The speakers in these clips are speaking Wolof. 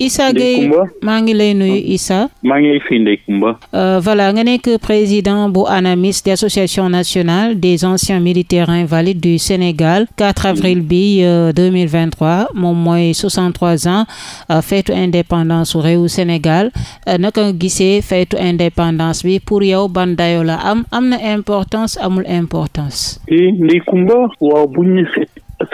Ah. Issa maa ngi lay nuyu Issa. maa nga nekk président bu ANAMIS di association nationale des anciens militaires invalides du Sénégal 4 mm. avril bi 2023 euh, moom mooy 63 ans euh, feetu indépendance su réewu Sénégal euh, naka nga gisee feetu indépendance bi pour yow ban dayo am am na importance amul importance. Eh,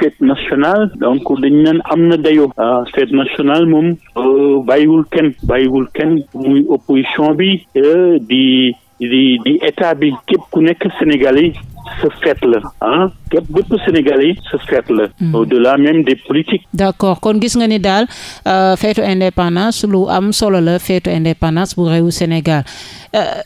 fête nationale donc dañ naan am na dayo ah, fête national moom euh, bàyyiwul kenn bàyyiwul kenn muy opposition bi euh, di di di état bi képp ku nekk Sénégal sa fête la ah képp bépp Sénégalais sa fête la. au-delà même des politiques. d'accord kon gis nga ni daal euh, feetu indépendance lu am solo la feetu indépendance bu réewu Sénégal. Euh,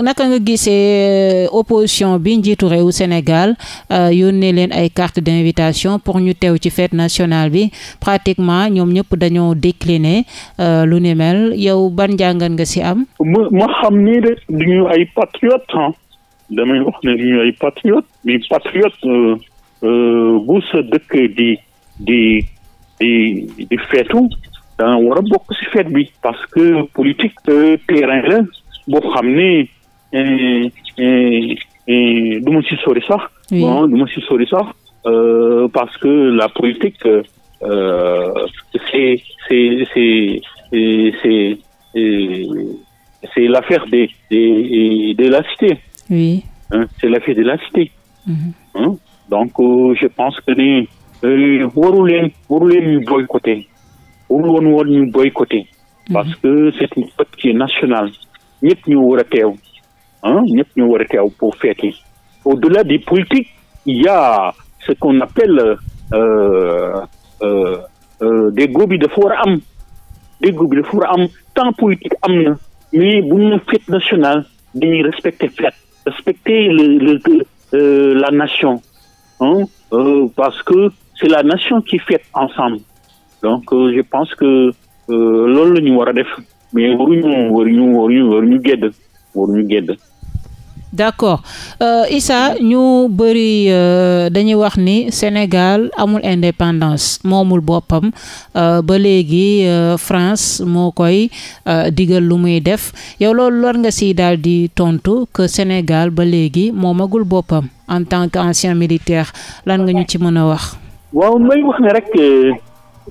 naka nga gisee euh, opposition bi njiitu réewu Sénégal yónnee leen ay carte d'invitation pour ñu teew ci fête nationale bi pratiquement ñoom ñëpp dañoo décliner lu ni mel yow ban njàngat nga si am. ma xam ni rek ay patriotes damay wax ne ñu ay patriote bi patriote euh, euh, bu sa dëkk di di di di feetu da nga war bokk ci feet bi parce que politique euh, terrain la boo xam ne du ma ci sori sax bon du ma sori sax parce que la politique c'est c'est c'est c'est l'affaire des des de la cité Oui. Hein, c'est l'effet de la cité. Mm-hmm. Donc, euh, je pense que ni warul euh, leen warul leen ñu boycotté warul woon woon ñu mm-hmm. parce que c'est une fête nationale ñëpp ñu war a teew ah ñëpp ñu war a teew pour fêter au-delà des politiques il y a ce qu'on appelle euh, euh, euh, déggoo bi dafa war a am déggoo bi dafa war a am temps politique am na mais bu ñu fête nationale dañuy respecter fête respecter le, le, euh, la nation, hein, euh, parce que c'est la nation qui fête ensemble. Donc, euh, je pense que euh, loolu la ñu war a def mais waruñu waruñu waruñu waruñu gedd waruñu gedd d'accord euh, Issa ñu bëri euh, dañuy wax ni Sénégal amul indépendance moomul boppam euh, ba léegi euh, France moo koy euh, digal lu muy def yow loolu lor nga si daal di tontu que Sénégal ba léegi moomagul boppam en tant qu'ancien militaire lan nga ñu ci mën a wax. waaw may wax ne rek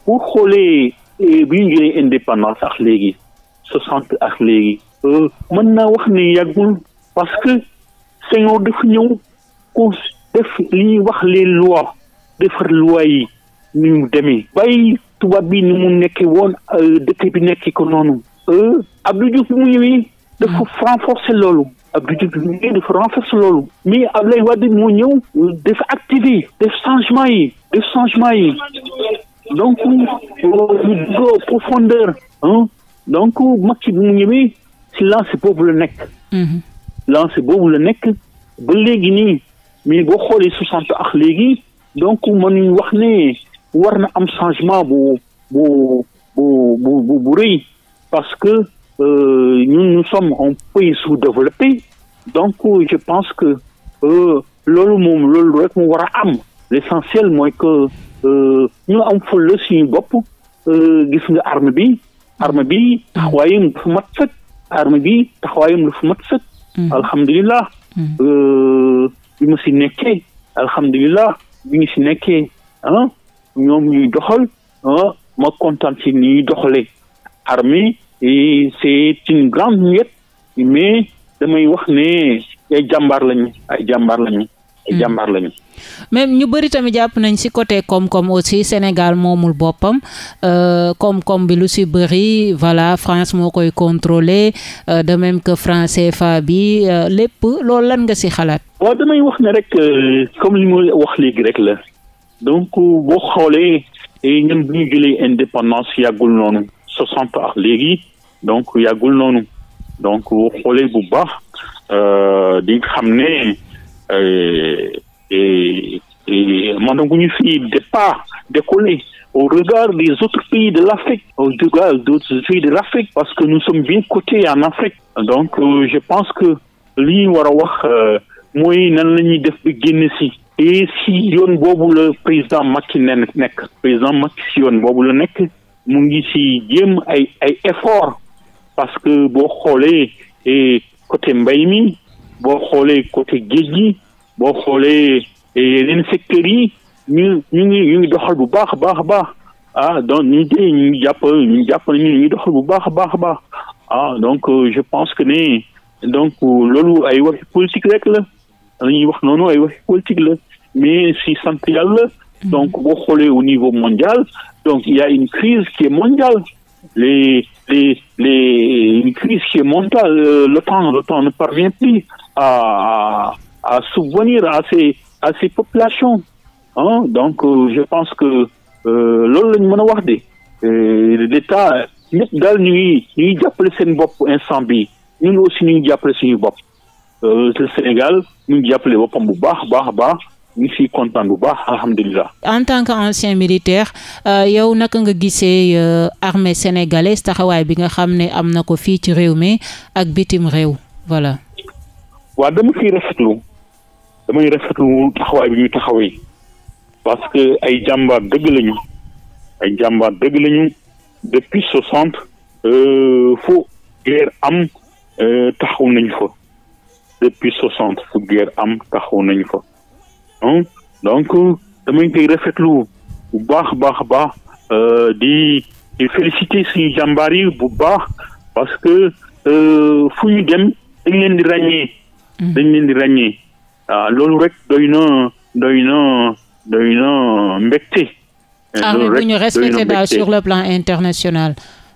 pour euh, xoolee bi ñu jëlee indépendance ak léegi soixante ak léegi mën naa wax ni yàggul. parce que Senghor dafa ñëw ku def li ñuy wax les lois defar lois yi ni mu demee bàyyi tubaab bi ni mu nekkee woon euh, dëkk bi nekki ko noonu euh, Abdou Diouf bi mu ñëwee dafa renforcer loolu Abdou Diouf bi mu ñëwee dafa renforcer loolu mais Abdoulaye Wade moo ñëw euh, dafa activer def changement yi def changement yi donc ñu dugg profondeur donc Macky bi mu ñëwee silence boobu la nekk mm-hmm. lancé boobu la nekk ba léegi nii mais boo xoolee soixante ak léegi donc mënuñ wax ne war na am changement bu bu bu rëy parce que euh, ñun nous sommes un pays sous-développé donc je pense que euh, loolu moom loolu rek mu war a am l'essentiel mooy que euh, ñu am fulla suñu bopp gis nga arme bi arme bi taxawaayam lu fu arme bi taxawaayam lu fu Mm. alhamdulilah. Mm. Uh, bi ma si nekkee alhamdulilah bi si nekkee ah ñoom ñuy doxal ah ma kontaan si ni ñuy doxalee armée c'est une grande muette mais damay wax ne ay jàmbaar lañu ay jàmbaar lañu. jàmbaar lañu. même ñu bëri tamit jàpp nañ si côté koom-koom aussi Sénégal moomul boppam euh, koom-koom bi lu si bëri voilà France moo koy contrôler euh, de même que franc CFA bi euh, lépp lool lan nga si xalaat. waaw damay wax ne rek comme li ma wax léegi rek la donc boo xoolee ñun bu ñu jëlee indépendance yàggul noonu soixante ak léegi donc yàggul noonu donc boo xoolee bu baax di xam ne. Euh, et, et Mandongouni n'est pas décollé au regard des autres pays de l'Afrique, au regard d'autres pays de l'Afrique, parce que nous sommes bien côté en Afrique. Donc, euh, je pense que li war a wax euh, mooy nan la ñuy def bi génn si. et si yoon boobu la président Macky nen nekk président Macky si yoon boobu la nekk mu ngi si jéem ay ay effort parce que boo xoolee côté mbay mi boo xoolee côté géej gi boo xoolee eh, yeneen secteurs yi ñu ñu ngi ñu ngi doxal bu baax a baax a baax ah donc ñu tey ñu jàpp ñu ngi jàpp nañu ngi doxal bu baax a baax a baax ah donc euh, je pense que ne donc loolu ay waxi politique rek la la ñuy wax noonu ay waxi politique la mais si sant yàlla mhm. donc boo xoolee au niveau mondial donc il y a une crise qui est mondiale les, les, les, une crise qui est mondiale. Euh, le temps, le temps ne parvient plus à, à, à souvenir à ces, à ces populations. Donc, euh, je pense que euh, loolu la ñu mën a wax de l'état ñëpp daal ñuy ñuy jàppale seen bopp instant bi ñun aussi ñu ngi jàppale suñu bopp le Sénégal ñu ngi jàppale boppam bu baax baax baax ñu fi siy kontaan bu baax alhamdulilah. en tant que ancien militaire euh, yow naka nga gisee euh, armée sénégalaise taxawaay bi nga xam ne am na ko fii ci réew mi ak bitim réew voilà. waaw dama ciy rafetlu damay rafetlu taxawaay bi ñu taxawee parce que ay jàmbaar dëgg lañu ay jàmbaar dëgg lañu depuis soixante euh, fu guerre am taxaw nañu fa am taxaw nañu fa. donc damañ koy rafetlu bu baax baax baax euh, di di féliciter suñu jàmbaar yi bu baax parce que euh, fu ñu dem dañ leen di ràññee. Mm. dañ leen di ràññee ah, loolu rek doy na doy na doy na mbégte. armée ah, bu ñu respecté daal sur le plan international.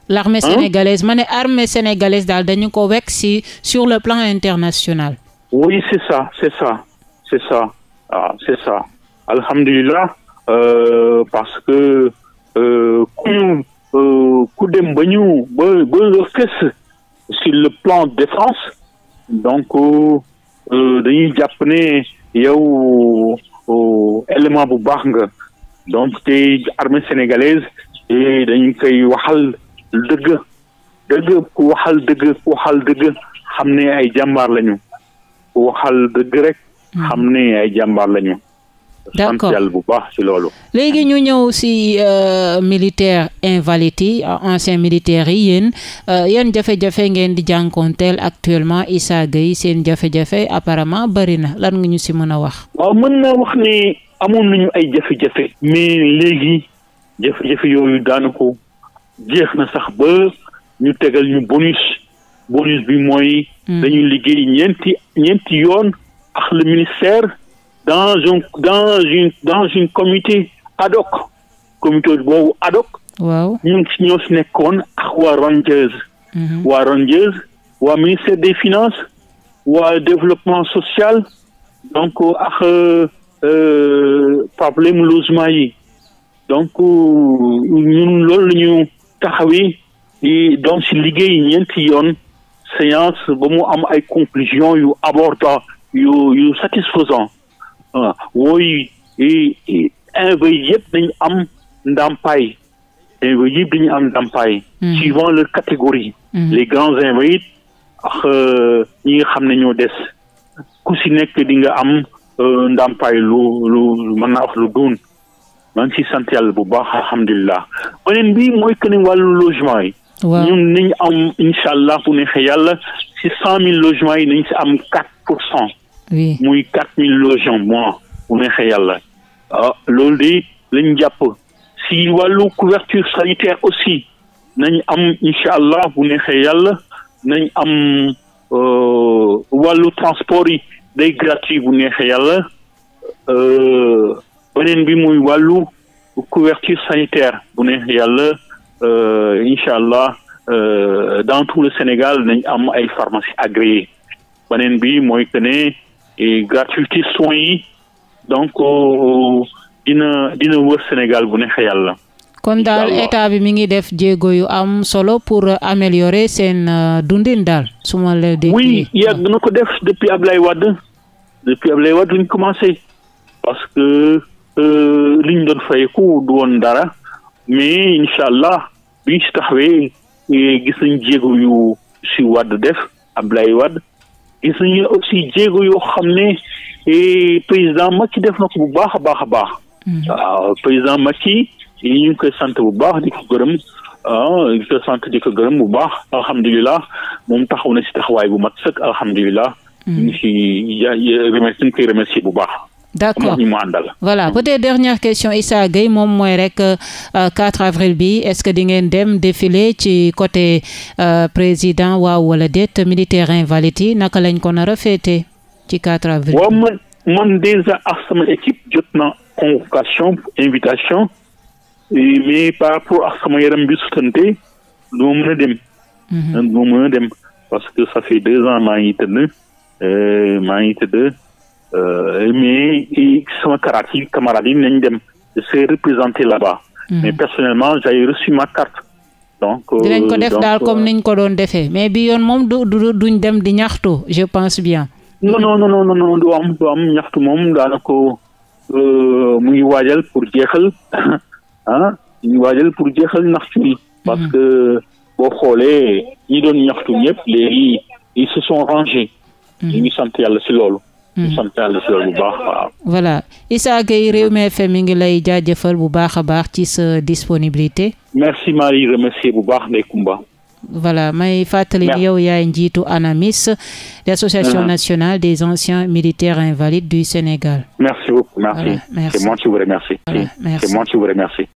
l'armée sénégalaise ma ne armée sénégalaise daal dañu ko wekk si sur le plan international. oui c'est ça c'est ça c'est ça. waa ah, c'est ça. alhamdulilah euh, parce que ku ku dem ba ñu ba ba fes sur le plan défense donc euh, euh, dañuy jàpp ne yow élément bu baax nga donc te armée sénégalaise dañu koy waxal dëgg dëgg ku waxal dëgg ku waxal dëgg xam ne ay jàmbar lañu ku waxal dëgg rek. Hmm. xam ni ay jàmbaar lañu. d'accord sant yàlla bu baax ci loolu. léegi ñu ñëw ci euh, militaire invalide yi ancien militaire yi yéen euh, yan jafe-jafe ngeen di jànkoonteel actuellement isaaga yi seen jafe-jafe apparemment bari na lan nga ñu ci mën a wax. waaw mën naa wax ni amoon nañu ay jafe-jafe. mais léegi jafe-jafe yooyu daanaka jeex na sax ba ñu tegal ñu bonus bonus bi mooy. Hmm. dañuy liggéey ñeenti ñeenti yoon. ak le ministère dans un dans une dans une comité ad hoc comité boobu ad hoc waaw ñu ngi si ñoo si nekkoon ak waa Rangers mhm. waa Rangers waa ministère des finances waa développement social donc euh, ak euh, euh, problème logement yi donc u loolu la ñu taxawee di doon si liggéey ñeenti yoon séance ba mu am ay conclusion yu abordant yu yu satisfaisant ah, wooy e, e, invés yëpp dañu am ndàmpaay invés yëpp dañu am ndàmpaay hmm. suivant leur catégorie hmm. les grands invalides ak ah, ñi xam ne ñoo des ku si nekk di nga am euh, ndàmpaay lu lu mën naa wax lu doon maa ngi si sant yàlla bu baax alhamdulilah beneen bi mooy que ne wàllu logement yi nañ am incha allah bu neexee si cent mille logements yi nañ si am quatre pour cent oui muy quatre mille logements bu neexee yàlla. ah loolu de lañ jàpp si wàllu couverture sanitaire aussi nañ am incha allah bu neexee yàlla nañ am euh, wàllu transport yi day gratuit bu neexee yàlla euh, beneen bi muy wàllu couverture sanitaire bu neexee yàlla euh, incha allah dans tout le Sénégal nañ am ay pharmacie agréées beneen bi mooy que et gratuité yi donc dina dina wër Sénégal bu neexee yàlla. kon daal état bi mi ngi def jéego yu am solo pour améliorer seen euh, dundin daal su ma la dégg. oui yàgg ko def depuis Ablaye Wade depuis Ablaye Wade lañ commencé parce que euh, li ñu doon fayeku du woon dara mais incha allah biñ si taxawee eh, gis nañ jéego yu si wadd def Ablaye wadd gis nañu aussi jéego yoo xam ne eh, président Macky def na ko bu baax a baax a baax. Hmm. waaw président Macky ñu ngi koy sant bu baax di ko gërëm ah di ko sant di ko gërëm bu baax alhamdulilah moom taxaw na si taxawaay bu mat sëkk alhamdulilah. Hmm. ñu ngi si ja remercié ñu koy remercié bu baax. d'accord ñi mu àndal voilà mm. peut-être dernière question Issa Gueye moom mooy rek 4 euh, avril bi est-ce que di ngeen dem défilé ci côté euh, président waaw wala déet militaire invalide yi naka lañ ko nar a féete ci 4 avril waaw man man déjà ak sama équipe jot na convocation invitation mais par rapport ak sama yaram bi sutante du ma mën a dem mhm. maa ngi euh, Euh, mais sama camarade yi camarades yi nañ dem se représenter là-bas. Hmm. mais personnellement j'ai reçu ma carte. donc euh, dinañ ko def daal comme euh, niñ ko doon defee mais bi yoon moom du du duñ dem di ñaxtu je pense bien. non non non non non du am du am ñaxtu moom daanaka mu ngi waajal pour jeexal ah mu waajal pour jeexal ñaxtu yi. parce hmm. que boo xoolee ñi doon ñaxtu ñëpp léegi ils se sont rangés. Hmm. ñu ngi sant yàlla ci loolu. ñu santaan la si loolu bu baax voilà Issa Gueye Rewmi mi ngi lay jaajëfal bu baax a baax ci sa disponibilité. merci maa ngi remercier bu baax Ndeye Comba. voilà may fàttali ni yow yaay njiitu ANAMIS. l' association mmh. nationale des anciens militaires invalides du Sénégal. merci